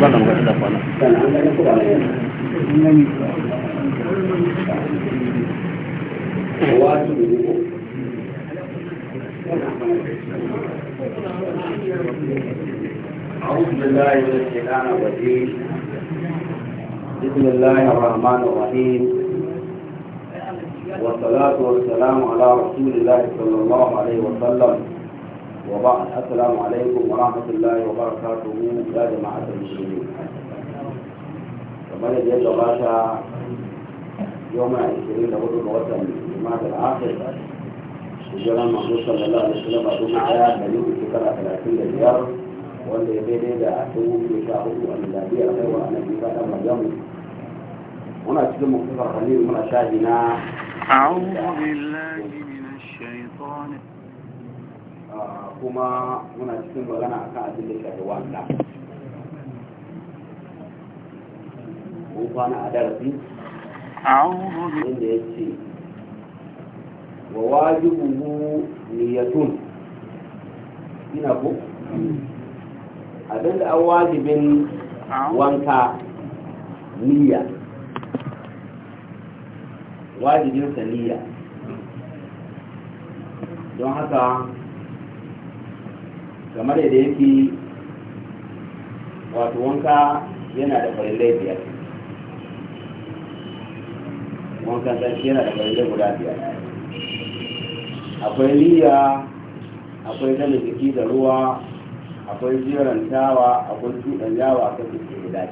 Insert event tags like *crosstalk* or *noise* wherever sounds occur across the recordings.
wannan ga da أعوذ بالله من الشيطان الرجيم بسم الله الرحمن الرحيم والصلاة والسلام على رسول الله صلى الله عليه وسلم وبعد السلام عليكم ورحمه الله وبركاته يا جماعه المسلمين ربنا يجزا باشا يوم عشرين لابد الوطن الجماعه الاخر الجلال المحمود صلى الله عليه وسلم بعد معايا مليون فكرة 30 مليار واللي يبين ايه ده اعتوب ان شاء الله ان لا بيع غيره انا في بعد اما اليوم وانا اتكلم مختصر خليل من اشاهدنا اعوذ بالله kuma muna cikin magana akan abin da shafi wanda mun kwana a darasi inda ya ce wa wajibuhu niyatun ina ko abinda an wajibin wanka niyya wajibin sa niyya don haka kamar yadda yake wato wanka yana da farillai biyar wankan tsarki yana da farillai guda biyar akwai liya akwai dana jiki da ruwa akwai jirantawa akwai yawa a kan jiki guda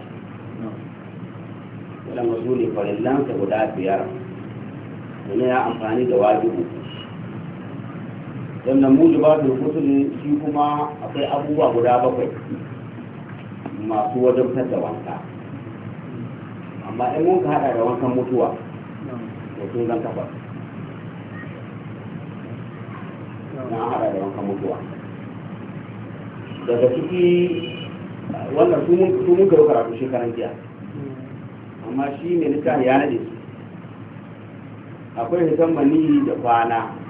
ce waɗanda su ne farillansa guda biyar wani ya amfani da wajibu da rukutu ne shi kuma akwai abubuwa guda bakwai masu wajabtar da wanka amma in mun ka hada da wankan mutuwa da sun zan kafa na hada da wankan mutuwa daga ciki wannan su mun karo karatu shekaran jiya amma shi ne littafi ya nade akwai hisan mani da kwana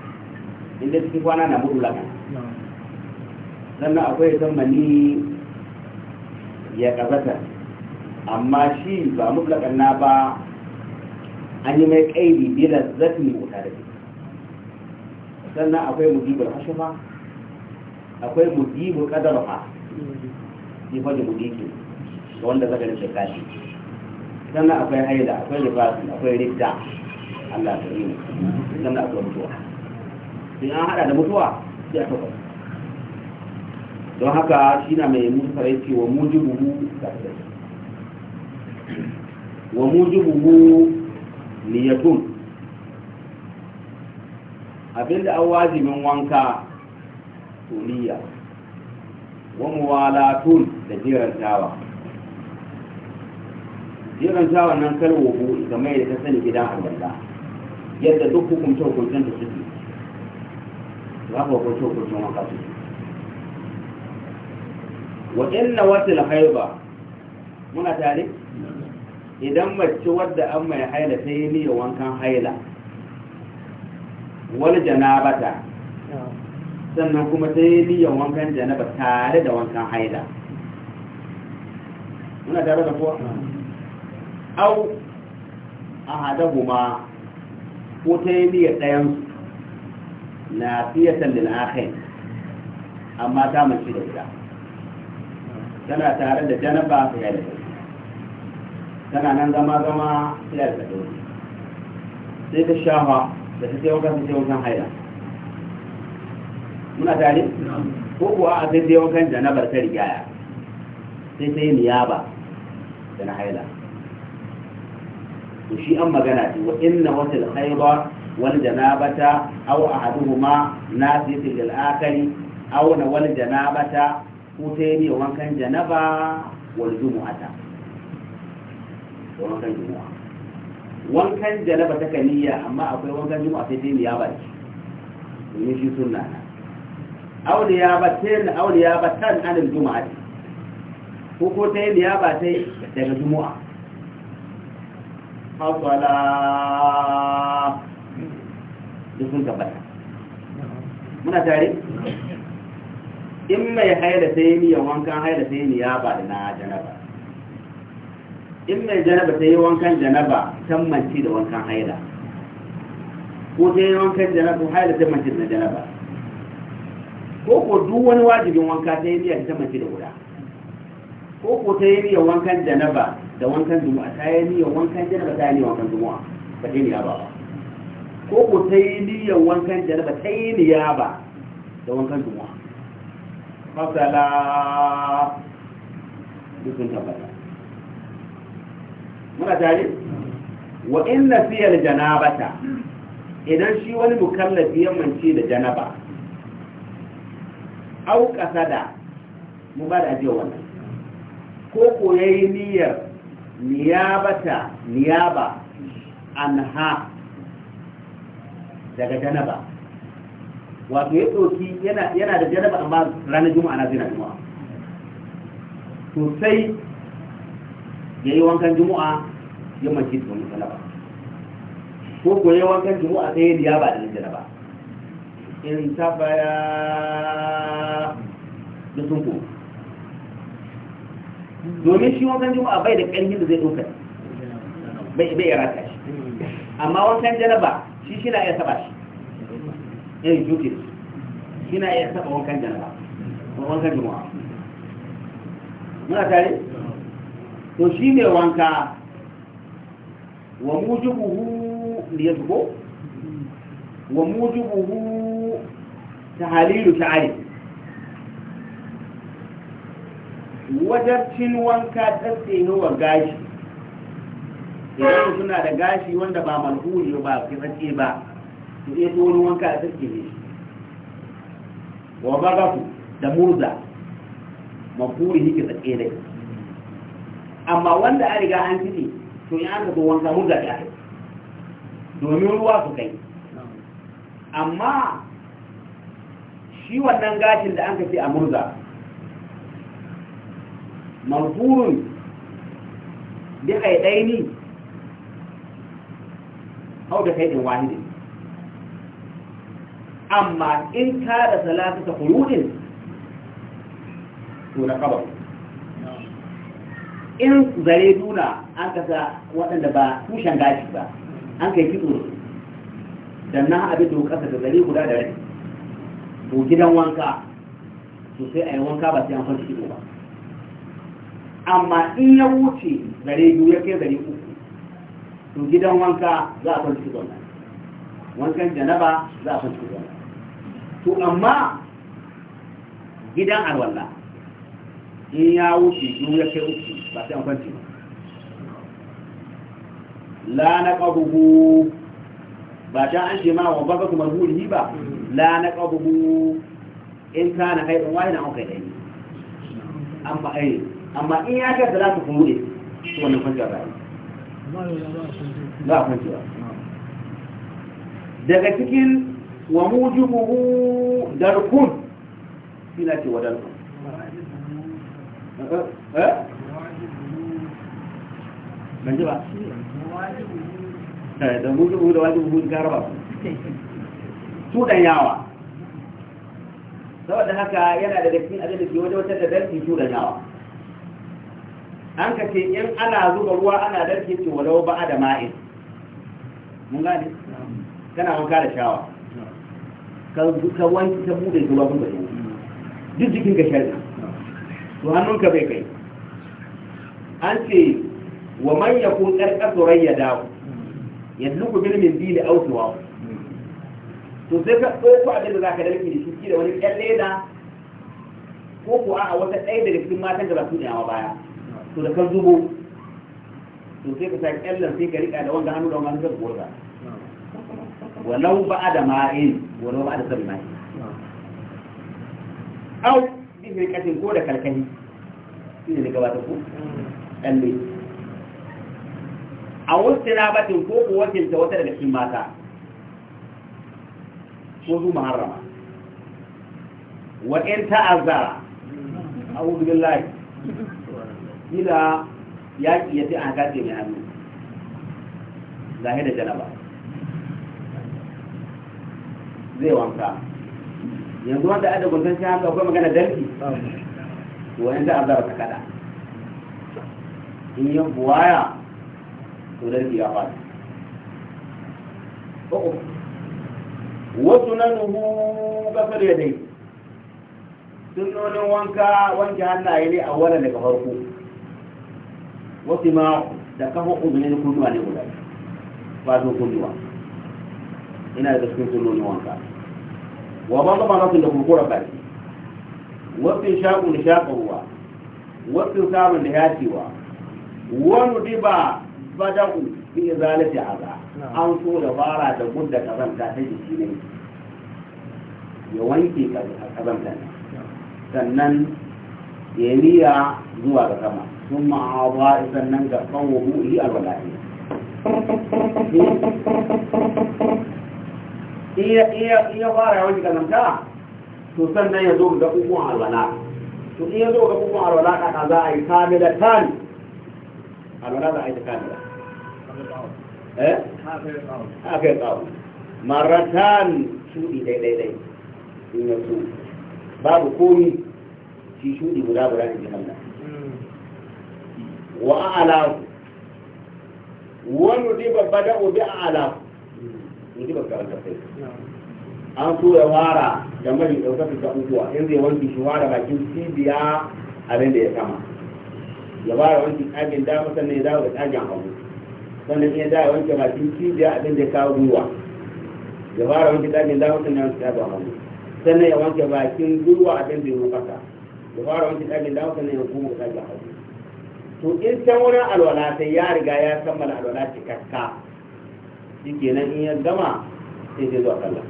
inda cikin kwana na mutu lakan sannan akwai zama ni ya kazata amma shi ba mutlakan na ba an yi mai kaidi zafi lazzatin wuta da sannan akwai mujibul hashafa akwai mujibu qadarha shi fa da wanda zaka rike kashi sannan akwai haida akwai libasi akwai ridda Allah ta yi sannan akwai mutuwa in an hada da mutuwa sai a tabbata don haka shi na mai musarai yake wa mujibuhu wa mujibuhu niyatun abinda an wajibin wanka tuniya wa muwalatun da jiran tawa jiran tawa nan kalwo ga game da ta sani gidan alwala yadda duk hukunce hukuncen da suke hapo kwacho kwacho wakati wa haiba muna tare idan mace wadda an mai haila ta yi niyyar wankan haila wal janabata sannan kuma ta yi niyyar wankan janaba tare da wankan haila muna tare da kuwa au a hadahuma ko ta yi niyyar ɗayansu نافية للآخرين أما تام الشيء لا تنا تارا لجنبا في هذا الشيء تنا نندما دما في هذا الشيء سيد الشاهة بسيطة وكا سيطة وكا حيرا muna tare ko kuwa a sai sai wakan da na barta rigaya sai sai niyaba da na haila to shi an magana ce wa inna wata haila wani da na bata nasiyatu a akhari aw na wani da na bata ko ta yi wankan janaba wani jumu'ata wankan jumu'a wankan janaba ta kaniya amma akwai wankan jumu'a sai dai ya baki ni shi sunna na aw da ya batin aw da ya batan an jumu'a ko ko ta yi ya batai daga jumu'a Fasala duk sun muna tare in mai haila sai yi niyan wankan haila sai yi miya ba da na janaba in mai janaba sai yi wankan janaba manci da wankan haila ko sai yi wankan janaba haila manci da janaba ko ko duk wani wajibin wanka ta yi niyan manci da guda ko ko ta yi niyan wankan janaba da wankan juma'a ta yi niyan wankan janaba ta yi niyan wankan juma'a ba ta yi niyan ba ba ko ko ta yi niyyar wankan janaba ta yi niyaba da wankan juma'a masala dukkan tabbata muna tare wa inna fiyal janabata idan shi wani mukallafi ya mance da janaba au kasada mu ba da ajiyar wannan ko ko yayi niyyar niyabata niyaba ha daga janaba wato ya ɗauki yana da janaba amma ranar juma'a na zina juma'a to sai ya yi wankan juma'a ya mace da wani janaba ko ko ya yi wankan juma'a sai ya liya ba da janaba in tabaya da sun ko domin shi wankan juma'a bai da ƙarfin da zai ɗauka bai bai ya rata shi amma wankan janaba shi shi na iya saba shi eh jukir shi na iya saba wankan janaba wankan juma'a muna tare to shi ne wanka wa mujibuhu da ya zubo wa mujibuhu ta halilu ta sha'ari wajarcin wanka ta tsinuwa gashi idan suna da gashi wanda ba malhuri ba sace ba su iya tsoron wanka da sarki ne wa bagafu da murza malhuri yake tsatse dai amma wanda an riga an kitse to yi an ka zo wanka murza ya kai domin ruwa su kai amma shi wannan gashin da an ka fi a murza malhurun bi ne. aw da kaidin wahidin amma in ka da salatu ta qurudin to na qaba in zare duna an kasa waɗanda ba tushen gashi ba an kai kitso don na abin da kasa da zare guda da rai to gidan wanka to sai a yi wanka ba sai an farci ba amma in ya wuce zare biyu ya kai zare uku to gidan wanka za a kwanci zauna wankan janaba za a kwanci zauna to amma gidan alwala in ya wuce in ya kai uku ba sai an kwanci ba la na ƙabubu ba ta an ce ma wa baka kuma ruhi ba la na ƙabubu in ka na kai ɗan wani na an kai ɗani eh, amma in ya kai da za ta kuma wuce to wannan kwanciyar rayuwa ba a daga cikin wa mujibuhu darkun ina ce wadan darkun eh? Eh? ban ji ba eh, da mujibuhu da wajibuhu gara ba su dan yawa saboda haka yana da cikin abin da ke wajen wata da darkin su dan yawa an ka ce in ana zuba ruwa ana darke ce walau ba da ma'in mun gane kana wanka da shawa ka wanki ta bude zuwa kun baje duk jikin ka shari'a to hannun ka bai kai an ce wa man yakun ya dawo? da yadluku bin min bi da autuwa to sai ka ɗauko abin da ka dalki da shi da wani kyalle da ko ku a wata ɗaya daga cikin matan da ba su ne a baya to da kan zubo to sai ka sa kyallan sai ka rika da wanda hannu da wanda zai gora walau ba da ma'in walau ba da sabi ma'in au bi katin ko da kalkani ne daga gabata ku ɗanɗe a wasu batin ko ku wakilta wata daga cikin mata ko zuma harama wa in ta'azzara a billahi kila yaƙi ya ce an katse mai hannu zahir da janaba zai wanka yanzu wanda ada gudun shi haka akwai magana dalki wani an azara ta kada in yi buwaya to dalki ya fara wasu nan nuhu kasar yadai sun nonin wanka wanke hannaye ne a wannan daga farko wasu ma da kafa uzunin kunduwa ne guda ba zo kunduwa ina da cikin sunnoni wanka wa ba ga mamakin da kurkura baki wasu shaƙun da shaƙarwa wasu samun da ya cewa wani riba ba diba bada'u fi a aza an so da fara da gudda kazanta ta jiki ne ya wanke kazanta sannan ya niyya zuwa da sama ثم أعضاء فنن قوه هي الولائية هي إيه، إيه هي هي فارع وجه كلام كلام تسن لا يدور دقوق على الولاء تسن إيه يدور دقوق على الولاء كذا أي كاملة كان الولاء أي كاملة ها ها ها مرتان شو دي دي دي دي إنه شو باب كوني شو دي برا برا دي كلام wa alahu wani diba bada obi a alahu in an so ya wara da mai ɗaukaka ta unguwa in zai wanki shi wara bakin cibiya abin da ya kama ya fara wanki ɗakin dama sannan ya dawo da ƙagin hagu sannan ya dawo wanke bakin cibiya abin da ya kawo gwiwa ya fara wanki ɗakin dama sannan ya wanke ɗakin hagu sannan ya wanke bakin gwiwa abin da ya mafaka ya fara wanki ɗakin dama sannan ya kuma ƙagin hagu to in san wurin alwala sai ya riga ya kammala alwala cikakka shi kenan in ya gama sai zai a sallah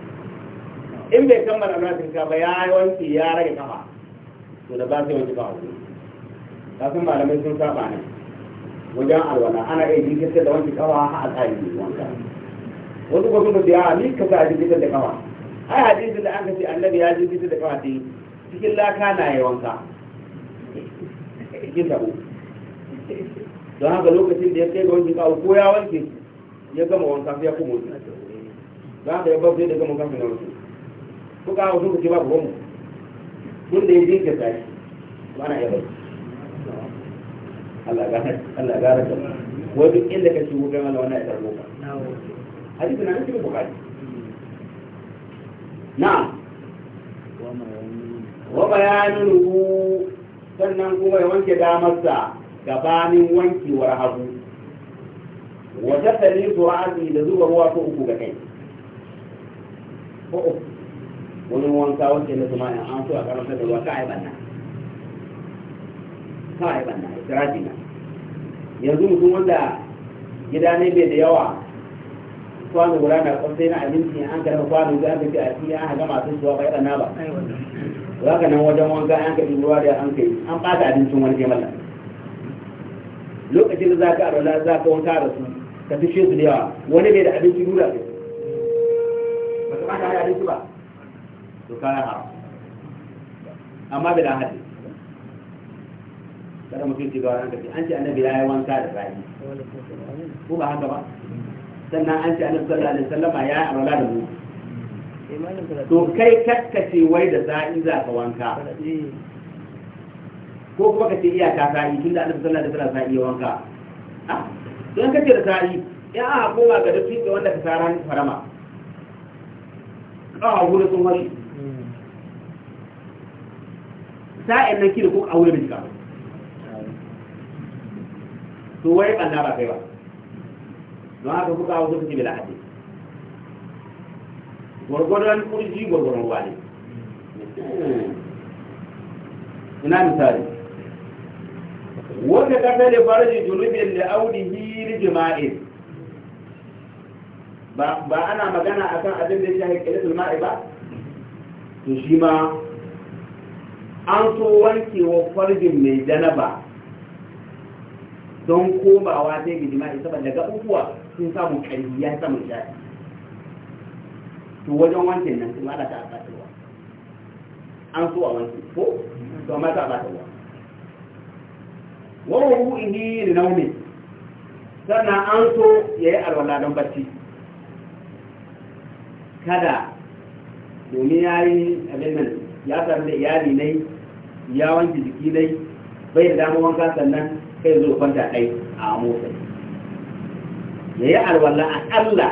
in bai kammala alwala cikakka ba ya wanke ya rage kafa to da ba sai wanke ba wuri san malamai sun saba ne wajen alwala ana iya sai da wanke kafa a tsari ne wanka wasu ko sun ya ni ka sa jikin da kafa ai hadisin da an kace annabi ya jikin da kafa cikin laka na yi wanka *laughs* cikin tabo don haka lokacin da ya kai ga wankin kawo ko ya wanke ya gama wanka ya kuma don haka ya ba sai da gama kafin na ko kawo sun kace babu wani tun da ya jinka sai ba na yaba Allah gara Allah ka wai duk inda ka shigo wani mana wannan ya tarbo ka hadisi na nan bukari na'am wa bayanin sannan kuma ya wanke damarsa gabanin wankewar hagu wata tare ra'azi da zuba ruwa ko uku ga kai ko wani wanka wanke na zuma an so a karanta da ruwa ka ai banna ka ai banna istiraji na yanzu mutum wanda gida ne bai da yawa kwano guda na kwasai na abinci an karfa kwano da aka ce a cikin an haga masu suwa bai na ba za ka nan wajen wanka an kaɗi ruwa da an kai an ɓata abincin wani ke lokacin da za ka arola za ka wanka da su ka fi su da yawa wani bai da abinci nuna ne ba ka bata abinci ba to kaya ha amma bai da hadi kada mutum ci ranka hankali an ce annabi ya yi wanka da rayu ko ba haka ba sannan an ce annabi sallallahu alaihi wasallama ya yi arola da mu to kai kakkace wai da za'i za ka wanka ko kuma ka ce iyaka sa'i da annabi sallallahu alaihi wasallam sa'i wanka ah don kace da sa'i ya a ba ga dukkan wanda ka tsara farama kawo gudu sun wani sa'in nan kira ko a wuri bincika to wai ɓanna ba kai ba don haka ku kawo suke bila haɗe gwargwadon kurji gwargwadon ruwa ne hmm. ina misali wanda kada da farji junubin da audihi rijma'in ba ba ana magana akan abin da ya shafi kilatul ma'i ba to shi ma an so wankewa farjin mai janaba don komawa zai ga jima'i saboda ga ukuwa sun samu kariya samun samu to wajen wanke nan sun hada ta a kasuwa an so a wanke ko to amma ta a ba ta wa rubu'ihi da naumi sannan an so ya yi alwala don bacci kada domin ya yi abinan ya sami da iyali nai ya wanke jiki nai bai da damuwan wanka sannan kai zo kwanta kai a motsa ya yi alwala a ƙalla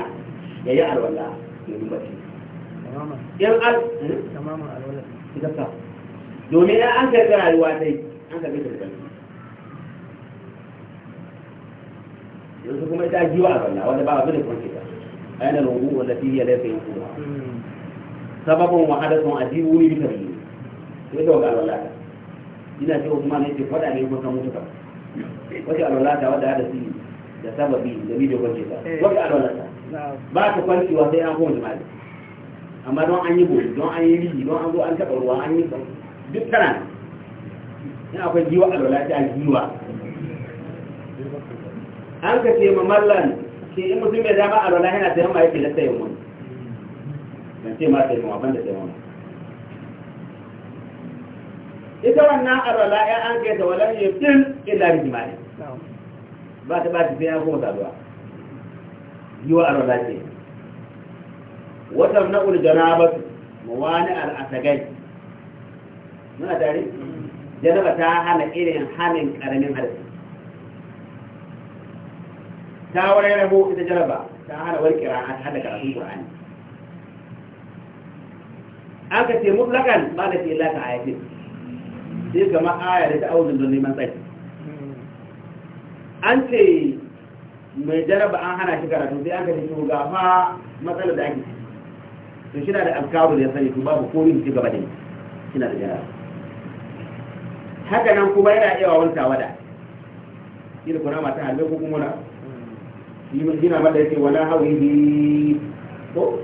ya yi alwala domin bacci eh? in al domin an yi wa dai an kai da yi yanzu kuma ita jiwa a zanna wanda ba a bude kuma a aina rungu wanda fiye da yin kuma sababin wa a jiwu ne bisa biyu sai da wata alwallata ina ce kuma ne ce faɗa ne kusan mutuka wata alwallata wadda hadasi da sababi da bi da kwanke ta eh. wata alwallata ba ta kwanci wa sai an kuma jima'i amma don an yi gobe don an yi rigi don an zo an taɓa ruwa an yi duk tana in akwai jiwa alwallata a jiwa an ka ce ma mallan ke in mutum ya dama rana yana ta yamma yake lasta yin wani na ce ma ta yamma ban da ta yamma ita wannan rana ya an yi ta walan yi fil illa bi jima'i ba ta ba ta sai an kuma saduwa yi wa rana ce watan na'ul janabatu mawani al'asagai muna tare janaba ta hana irin hanin karamin hadisi ta wani rabo ita jaraba ta hana wani kira'an hana karatun an ka ce mutlakan ba da ce laka a yake sai kama aya da ta auzin don neman tsaki an ce mai jaraba an hana shi karatu sai aka ce ga fa matsalar da ake to shi na da alkaru da ya sani to babu ko yin gaba da shi na da jaraba haka nan kuma yana iya wantawa da ila kuna mata halbe ko kuma na gina mata yake hau hawihi ko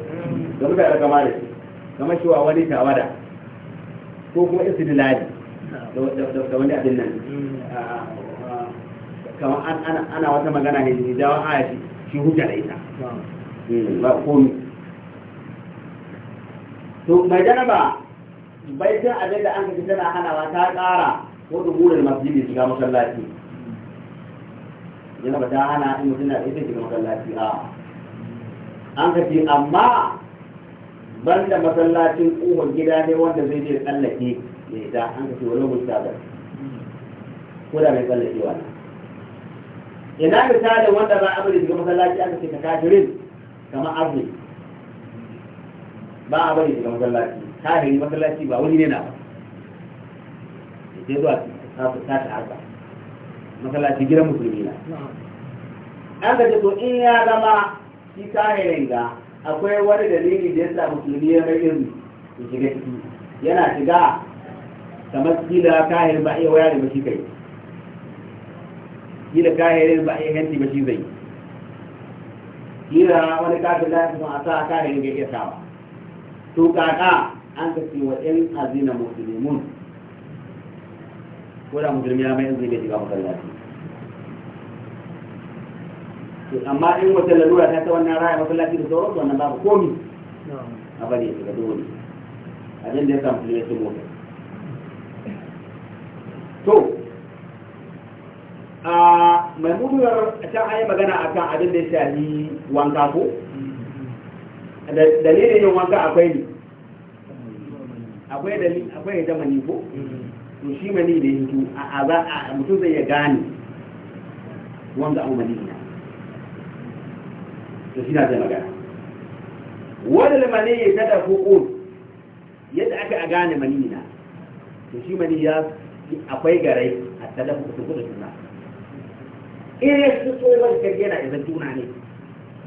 da mutane kama da shi kamar shi wa wani tawada ko kuma isi da wani abin nan kama ana wata magana ne da wa aya shi hujja da ita hmm, ba komi to mai janaba bai san abin da an kaji tana hanawa ta kara ko yi da shiga masallaci yana ba ta hana in mutum na da ita shiga masallaci a an kafi amma ban da masallacin ƙofar gida ne wanda zai je tsallake da ita an kafi ce wani mustabar ko da mai tsallake wani ina da wanda ba a da shiga masallaci an kafi ce ka kafirin kamar arni ba a bari shiga masallaci kafiri masallaci ba wani ne na ba ke zuwa ta ta ta Masalaci gidan musulmi na an ka ce to in ya zama shi kahirin ga akwai wani dalili da yasa musulmi ya mai su ya shiga ciki yana shiga kamar kila kahirin ba iya waya da mashi kai kila kahirin ba iya hanci mashi zai kila wani kafin da kuma a sa kahirin ga iya sawa to kaka an ka ce wa in azina musulmun ko da musulmi ya mai zai shiga masallaci amma in wata lalura ta ta wannan raya masallaci da sauran wannan babu komi a bari ya shiga dole abin da ya samu musulmi sun mota to a mai mutuwar ta ayi yi magana kan abin da ya shafi wanka ko dalilin yin wanka akwai ne akwai dalilin akwai zamani ko to shi mani da ya tu a za a mutum zai ya gane wanda an mani na to shi na zai magana da mani ya kada hukun yadda aka a gane mani na to shi mani ya akwai garai a talafu da kuka suna in ya fito wani kariyana izan tuna ne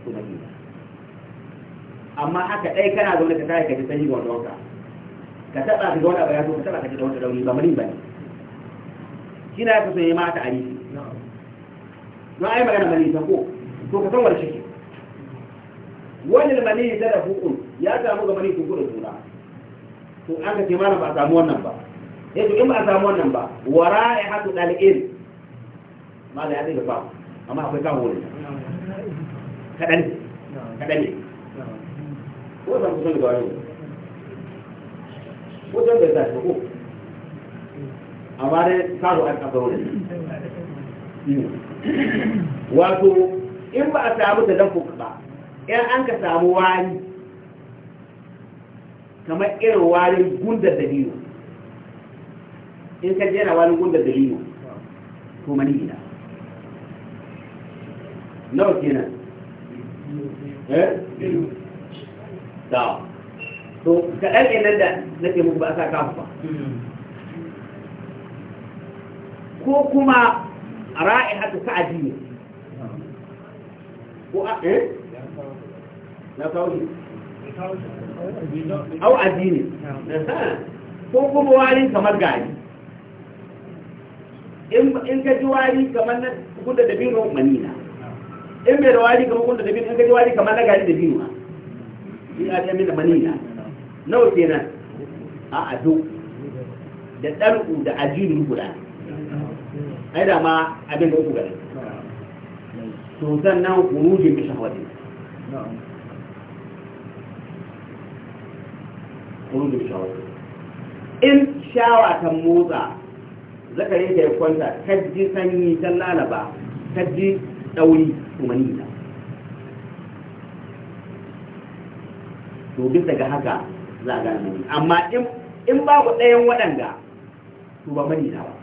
su mani amma haka ɗai kana zaune ka tashi ka ji sanyi ga wanda wanka ka taba ga wani abu ya zo ka taba ka ji da wani rauni ba murin bane shi ya kaso ya mata alisi don ai magana mani ta ko to ka san wani shi wani mani da da hukun ya samu ga mani tuku da juna to an ka ce mana ba a samu wannan ba eh to in ba a samu wannan ba wara'i hatu dalil ma da ya dinga ba amma akwai kawo ne kadan kadan ne ko zan kusa da wani don wato in ba a samu da danko ba in an ka samu wari kamar irin warin gunda da biyu in ka jera warin gunda da biyu ko mani gida nawa kenan eh to kaɗan ɗin nan da nake muku ba a sa kafu ba ko kuma ra'i haka sa'adi ne ko a eh na kawo shi au addini ko kuma wari kamar gari in ka ji wari kamar na gudda da bino manina in bai da wari kamar gudda da bino in ka ji wari kamar na gari da bino ina ta jami'in da manina nawa nan? a ado da ɗar'u da ajiyar guda ai da ma abin da uku gari to sannan kurujin bi shahwatin kurujin in shawa ta motsa zakarin ta yi kwanta ji sanyi ta lalaba kaji ɗauri tumanina to bisa ga haka za a gane mani amma in ba ku ɗayan waɗanda to ba mani na ba oh,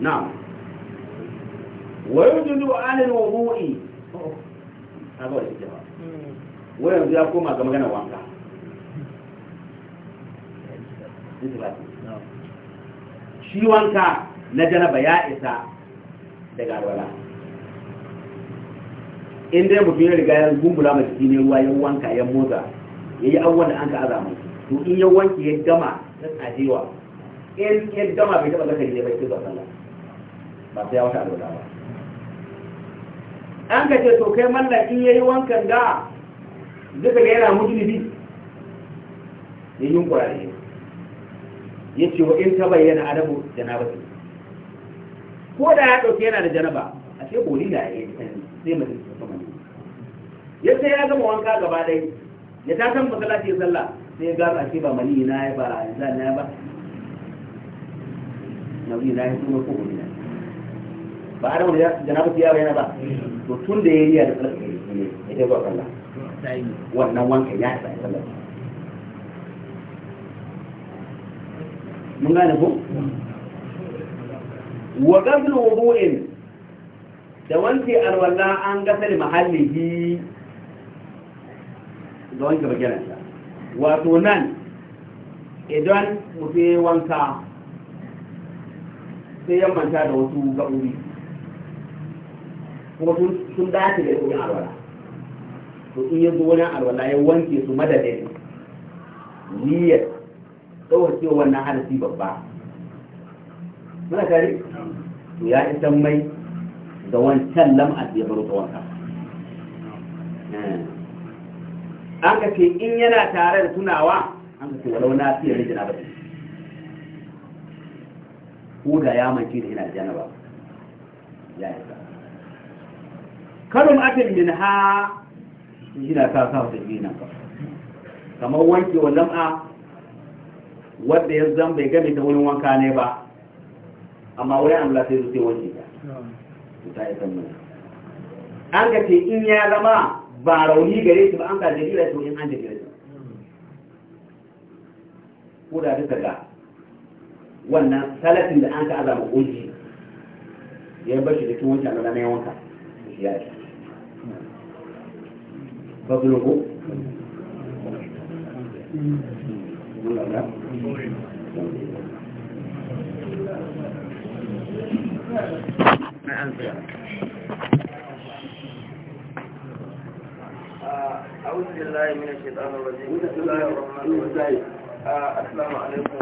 na wayo julu anil wudu'i a ga wani hmm. wa yanzu ya koma ga magana wanka shi wanka na janaba ya isa daga alwala in dai mutu ya riga ya gumbula mai jiki ne ruwa ya wanka ya motsa ya yi awon da an ka azama to in ya wanke ya gama a jiwa in ya gama bai taɓa zakari ne bai tuba sallah ba sai ya wata alwala ba an ka ce to kai mallan in ya yi wankan da duka da yana mujlibi ya yi kurare ya ce wa in ta bayyana adabu janabati ko da ya ɗauke yana da janaba a ce koli na ya yi sai mutum ya ce ya gama wanka gaba ɗaya ya ta san masallaci ya sallah sai ga ba ce ba mali na ya ba zan na ya ba mali na ya kuma ko ne ba adam da janaba ya yana ba to tun da ya yi da sallah ya ta ba Allah wannan wanka ya ta sallah mun gane ko wa qablu wudu'in da wanke alwala an gasa da mahallihi ga wanke wato nan idan mutu ya wanka sai ya da wasu gaɓuri kuma sun dace da yin alwala to in yanzu wani alwala ya wanke su madadin niyyar ɗaukar cewa wannan harafi babba mana kare ya isan mai da wancan lam'ar da ya baro ta wanka an ka ce in yana tare da tunawa an ka ce walau na fiye da janaba ko da ya mance da yana da ba ya yi Karin atin min ha yana ta sa wata biyu nan ba kamar wanke wa lam'a wadda ya zan bai gami ta wurin wanka ne ba amma wani an lafi zuke wanke ta ta yi san an ka ce in ya zama ba rauni gare su ba an ka jirgin to in an jirgin su ko da duka ga wannan salatin da an ka azama ƙunji ya bar shi da cikin wancan da na yawanka ya ce ba su rubu Thank you. أعوذ بالله من الشيطان الرجيم بسم الله الرحمن الرحيم السلام عليكم